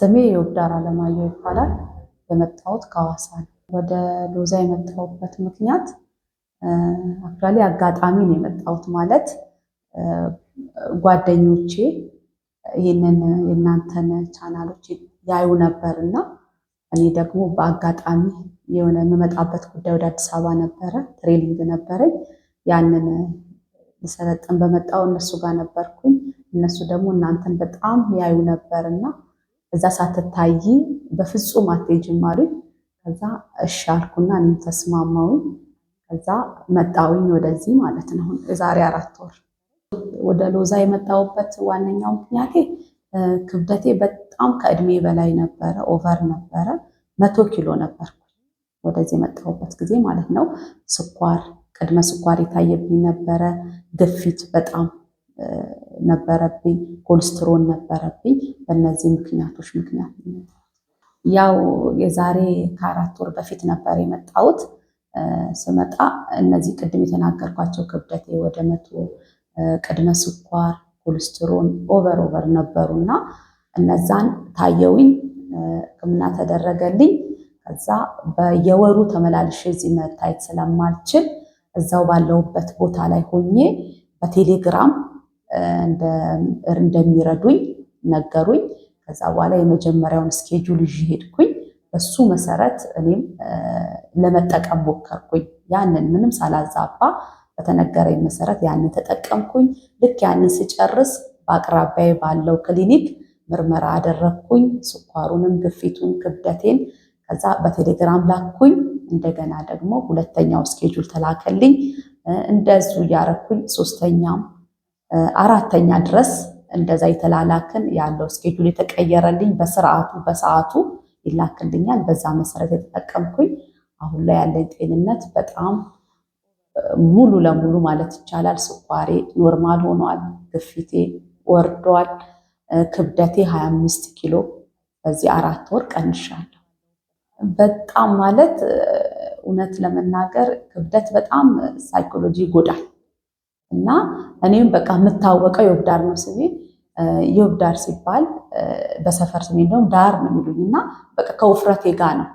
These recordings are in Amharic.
ስሜ የወዳር አለማየሁ ይባላል። የመጣሁት ከሐዋሳ ነው። ወደ ሎዛ የመጣሁበት ምክንያት አክቹዋሊ አጋጣሚ ነው የመጣሁት ማለት ጓደኞቼ ይህንን የእናንተን ቻናሎች ያዩ ነበር እና እኔ ደግሞ በአጋጣሚ የሆነ የምመጣበት ጉዳይ ወደ አዲስ አበባ ነበረ፣ ትሬኒንግ ነበረኝ። ያንን ልሰለጥን በመጣው እነሱ ጋር ነበርኩኝ። እነሱ ደግሞ እናንተን በጣም ያዩ ነበር እና እዛ ሳትታይ በፍጹም አትሄጂም አሉኝ። ከዛ እሺ አልኩና እኔም ተስማማውኝ። ከዛ መጣውኝ ወደዚህ ማለት ነው። የዛሬ አራት ወር ወደ ሎዛ የመጣውበት ዋነኛው ምክንያቴ ክብደቴ በጣም ከእድሜ በላይ ነበረ፣ ኦቨር ነበረ። መቶ ኪሎ ነበርኩ ወደዚህ የመጣውበት ጊዜ ማለት ነው። ስኳር ቅድመ ስኳር የታየብኝ ነበረ፣ ግፊት በጣም ነበረብኝ፣ ኮልስትሮን ነበረብኝ። በእነዚህ ምክንያቶች ምክንያት ያው የዛሬ ከአራት ወር በፊት ነበር የመጣሁት። ስመጣ እነዚህ ቅድም የተናገርኳቸው ክብደቴ ወደ መቶ ቅድመ ስኳር፣ ኮልስትሮን ኦቨር ኦቨር ነበሩና እነዛን ታየውኝ፣ ሕክምና ተደረገልኝ። ከዛ በየወሩ ተመላልሼ እዚህ መታየት ስለማልችል እዛው ባለውበት ቦታ ላይ ሆኜ በቴሌግራም እንደሚረዱኝ ነገሩኝ። ከዛ በኋላ የመጀመሪያውን ስኬጁል ይዤ ሄድኩኝ። በሱ መሰረት እኔም ለመጠቀም ሞከርኩኝ። ያንን ምንም ሳላዛባ በተነገረኝ መሰረት ያንን ተጠቀምኩኝ። ልክ ያንን ስጨርስ በአቅራቢያ ባለው ክሊኒክ ምርመራ አደረግኩኝ። ስኳሩንም፣ ግፊቱን፣ ክብደቴን ከዛ በቴሌግራም ላኩኝ። እንደገና ደግሞ ሁለተኛው ስኬጁል ተላከልኝ። እንደዙ እያረኩኝ ሶስተኛም አራተኛ ድረስ እንደዛ የተላላክን ያለው እስኬጁል የተቀየረልኝ በስርዓቱ በሰዓቱ ይላክልኛል። በዛ መሰረት የተጠቀምኩኝ አሁን ላይ ያለኝ ጤንነት በጣም ሙሉ ለሙሉ ማለት ይቻላል ስኳሬ ኖርማል ሆኗል። ግፊቴ ወርዷል። ክብደቴ 25 ኪሎ በዚህ አራት ወር ቀንሻለሁ። በጣም ማለት እውነት ለመናገር ክብደት በጣም ሳይኮሎጂ ይጎዳል። እና እኔም በቃ የምታወቀው የወብዳር ነው ስሜ። የወብዳር ሲባል በሰፈር ስሜ እንደውም ዳር ነው የሚሉኝ እና በቃ ከውፍረቴ ጋ ነው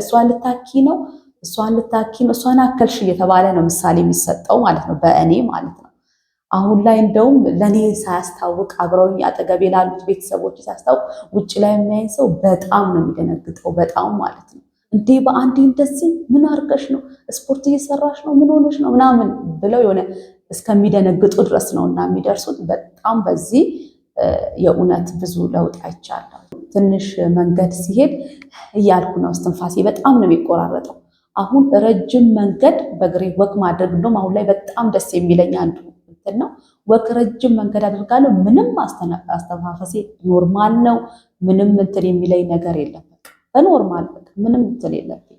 እሷን ልታኪ ነው እሷን ልታኪ ነው እሷን አከልሽ እየተባለ ነው ምሳሌ የሚሰጠው ማለት ነው በእኔ ማለት ነው። አሁን ላይ እንደውም ለእኔ ሳያስታውቅ አብረውኝ አጠገቤ ላሉት ቤተሰቦች ሳያስታውቅ ውጭ ላይ የሚያይን ሰው በጣም ነው የሚደነግጠው፣ በጣም ማለት ነው። እንዴ በአንዴ እንደዚህ ምን አርገሽ ነው? ስፖርት እየሰራሽ ነው? ምን ሆነሽ ነው? ምናምን ብለው የሆነ እስከሚደነግጡ ድረስ ነው እና የሚደርሱት። በጣም በዚህ የእውነት ብዙ ለውጥ አይቻለሁ። ትንሽ መንገድ ሲሄድ እያልኩ ነው እስትንፋሴ በጣም ነው የሚቆራረጠው። አሁን ረጅም መንገድ በእግሬ ወክ ማድረግ እንደውም አሁን ላይ በጣም ደስ የሚለኝ አንዱ እንትን ነው። ወክ ረጅም መንገድ አድርጋለሁ። ምንም አስተፋፈሴ ኖርማል ነው። ምንም እንትን የሚለኝ ነገር የለም። በኖርማል ምንም እንትን የለብኝ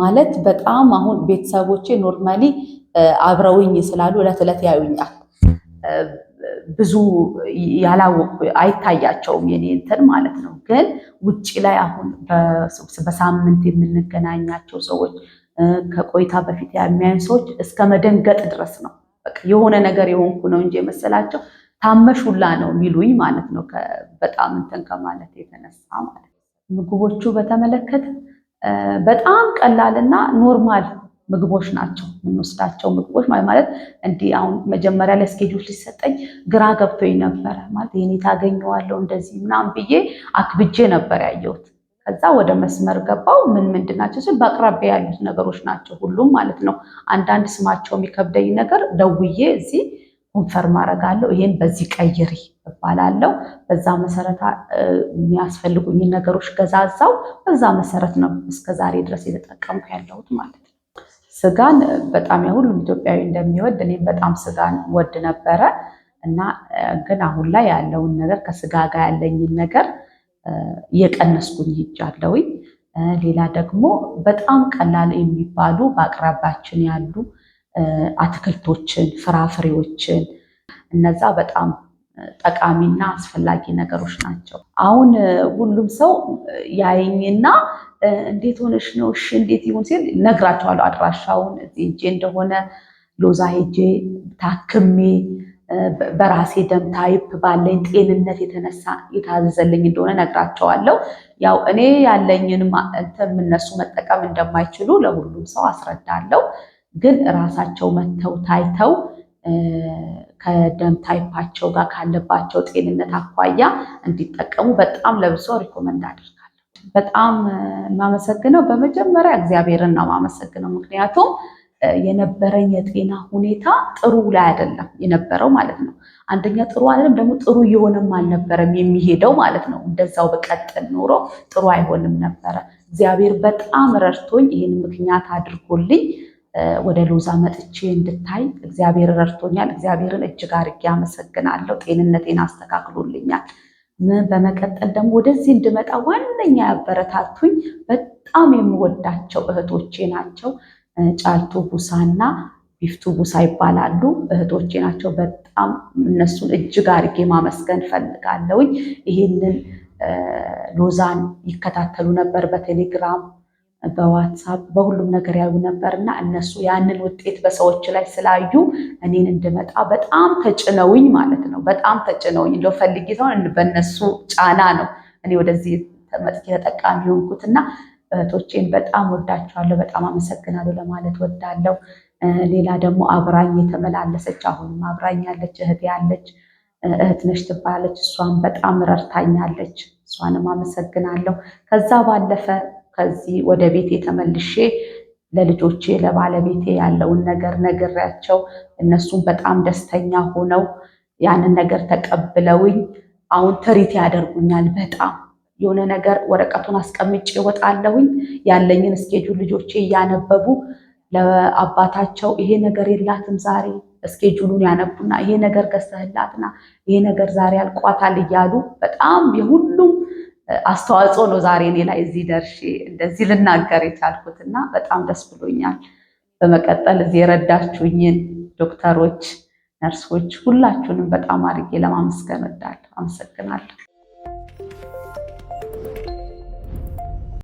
ማለት በጣም አሁን ቤተሰቦቼ ኖርማሊ አብረውኝ ስላሉ እለት እለት ያዩኛል። ብዙ ያላወቁ አይታያቸውም የኔ እንትን ማለት ነው። ግን ውጭ ላይ አሁን በሳምንት የምንገናኛቸው ሰዎች ከቆይታ በፊት የሚያዩ ሰዎች እስከ መደንገጥ ድረስ ነው። የሆነ ነገር የሆንኩ ነው እንጂ የመሰላቸው ታመሹላ ነው የሚሉኝ ማለት ነው። በጣም እንትን ከማለት የተነሳ ማለት ምግቦቹ በተመለከተ በጣም እና ኖርማል ምግቦች ናቸው የምንወስዳቸው ምግቦች ማለት እንዲህ አሁን መጀመሪያ ላይ እስኬጁል ሊሰጠኝ ግራ ገብቶኝ ነበረ። ማለት ይህኔ ታገኘዋለሁ እንደዚህ ምናምን ብዬ አክብጄ ነበር ያየሁት። ከዛ ወደ መስመር ገባው። ምን ምንድን ናቸው ሲል በአቅራቢያ ያሉት ነገሮች ናቸው ሁሉም ማለት ነው። አንዳንድ ስማቸው የሚከብደኝ ነገር ደውዬ እዚህ ኮንፈርም አደርጋለሁ። ይሄን በዚህ ቀይሪ እባላለሁ። በዛ መሰረት የሚያስፈልጉኝን ነገሮች ገዛዛው። በዛ መሰረት ነው እስከዛሬ ድረስ የተጠቀምኩ ያለሁት ማለት ነው። ስጋን በጣም ሁሉም ኢትዮጵያዊ እንደሚወድ እኔም በጣም ስጋን ወድ ነበረ እና ግን አሁን ላይ ያለውን ነገር ከስጋ ጋር ያለኝን ነገር እየቀነስኩኝ ሂጃለሁኝ። ሌላ ደግሞ በጣም ቀላል የሚባሉ በአቅራቢያችን ያሉ አትክልቶችን፣ ፍራፍሬዎችን እነዛ በጣም ጠቃሚና አስፈላጊ ነገሮች ናቸው። አሁን ሁሉም ሰው ያይኝና እንዴት ሆነሽ ነው እሺ እንዴት ይሁን ሲል ነግራቸዋለሁ። አድራሻውን እዚህ ሄጄ እንደሆነ ሎዛ ሄጄ ታክሜ በራሴ ደም ታይፕ ባለኝ ጤንነት የተነሳ የታዘዘልኝ እንደሆነ ነግራቸዋለሁ። ያው እኔ ያለኝን እንትን እነሱ መጠቀም እንደማይችሉ ለሁሉም ሰው አስረዳለሁ። ግን ራሳቸው መተው ታይተው ከደም ታይፓቸው ጋር ካለባቸው ጤንነት አኳያ እንዲጠቀሙ በጣም ለብሶ ሪኮመንድ አድርጋለሁ። በጣም የማመሰግነው በመጀመሪያ እግዚአብሔርን ነው የማመሰግነው። ምክንያቱም የነበረኝ የጤና ሁኔታ ጥሩ ላይ አይደለም የነበረው ማለት ነው። አንደኛ ጥሩ አይደለም ደግሞ ጥሩ እየሆነም አልነበረም የሚሄደው ማለት ነው። እንደዛው በቀጥል ኖሮ ጥሩ አይሆንም ነበረ። እግዚአብሔር በጣም ረድቶኝ ይህን ምክንያት አድርጎልኝ ወደ ሎዛ መጥቼ እንድታይ እግዚአብሔር ረድቶኛል። እግዚአብሔርን እጅግ አድርጌ አመሰግናለሁ። ጤንነቴን አስተካክሎልኛል። ምን በመቀጠል ደግሞ ወደዚህ እንድመጣ ዋነኛ ያበረታቱኝ በጣም የምወዳቸው እህቶቼ ናቸው። ጫልቱ ቡሳና ቢፍቱ ቡሳ ይባላሉ እህቶቼ ናቸው። በጣም እነሱን እጅግ አድርጌ ማመስገን ፈልጋለውኝ። ይህንን ሎዛን ይከታተሉ ነበር በቴሌግራም በዋትሳፕ በሁሉም ነገር ያዩ ነበር እና እነሱ ያንን ውጤት በሰዎች ላይ ስላዩ እኔን እንድመጣ በጣም ተጭነውኝ ማለት ነው። በጣም ተጭነውኝ እንደው ፈልጌ ሳይሆን በእነሱ ጫና ነው እኔ ወደዚህ መጥቼ ተጠቃሚ የሆንኩት እና እህቶቼን በጣም ወዳቸዋለሁ፣ በጣም አመሰግናለሁ ለማለት ወዳለው ሌላ ደግሞ አብራኝ የተመላለሰች አሁንም አብራኝ ያለች እህት ያለች እህት ነች ትባላለች። እሷን በጣም ረድታኛለች፣ እሷንም አመሰግናለሁ። ከዛ ባለፈ ከዚህ ወደ ቤቴ ተመልሼ ለልጆቼ ለባለቤቴ ያለውን ነገር ነግሬያቸው እነሱም በጣም ደስተኛ ሆነው ያንን ነገር ተቀብለውኝ አሁን ትሪት ያደርጉኛል። በጣም የሆነ ነገር ወረቀቱን አስቀምጬ እወጣለሁኝ። ያለኝን እስኬጁል ልጆቼ እያነበቡ ለአባታቸው ይሄ ነገር የላትም ዛሬ እስኬጁሉን ያነቡና ይሄ ነገር ገዝተህላትና ይሄ ነገር ዛሬ አልቋታል እያሉ በጣም የሁሉም አስተዋጽኦ ነው ዛሬ እኔ ላይ እዚህ ደርሼ እንደዚህ ልናገር የቻልኩት እና በጣም ደስ ብሎኛል። በመቀጠል እዚህ የረዳችሁኝን ዶክተሮች፣ ነርሶች ሁላችሁንም በጣም አድርጌ ለማመስገን እወዳለሁ። አመሰግናለሁ።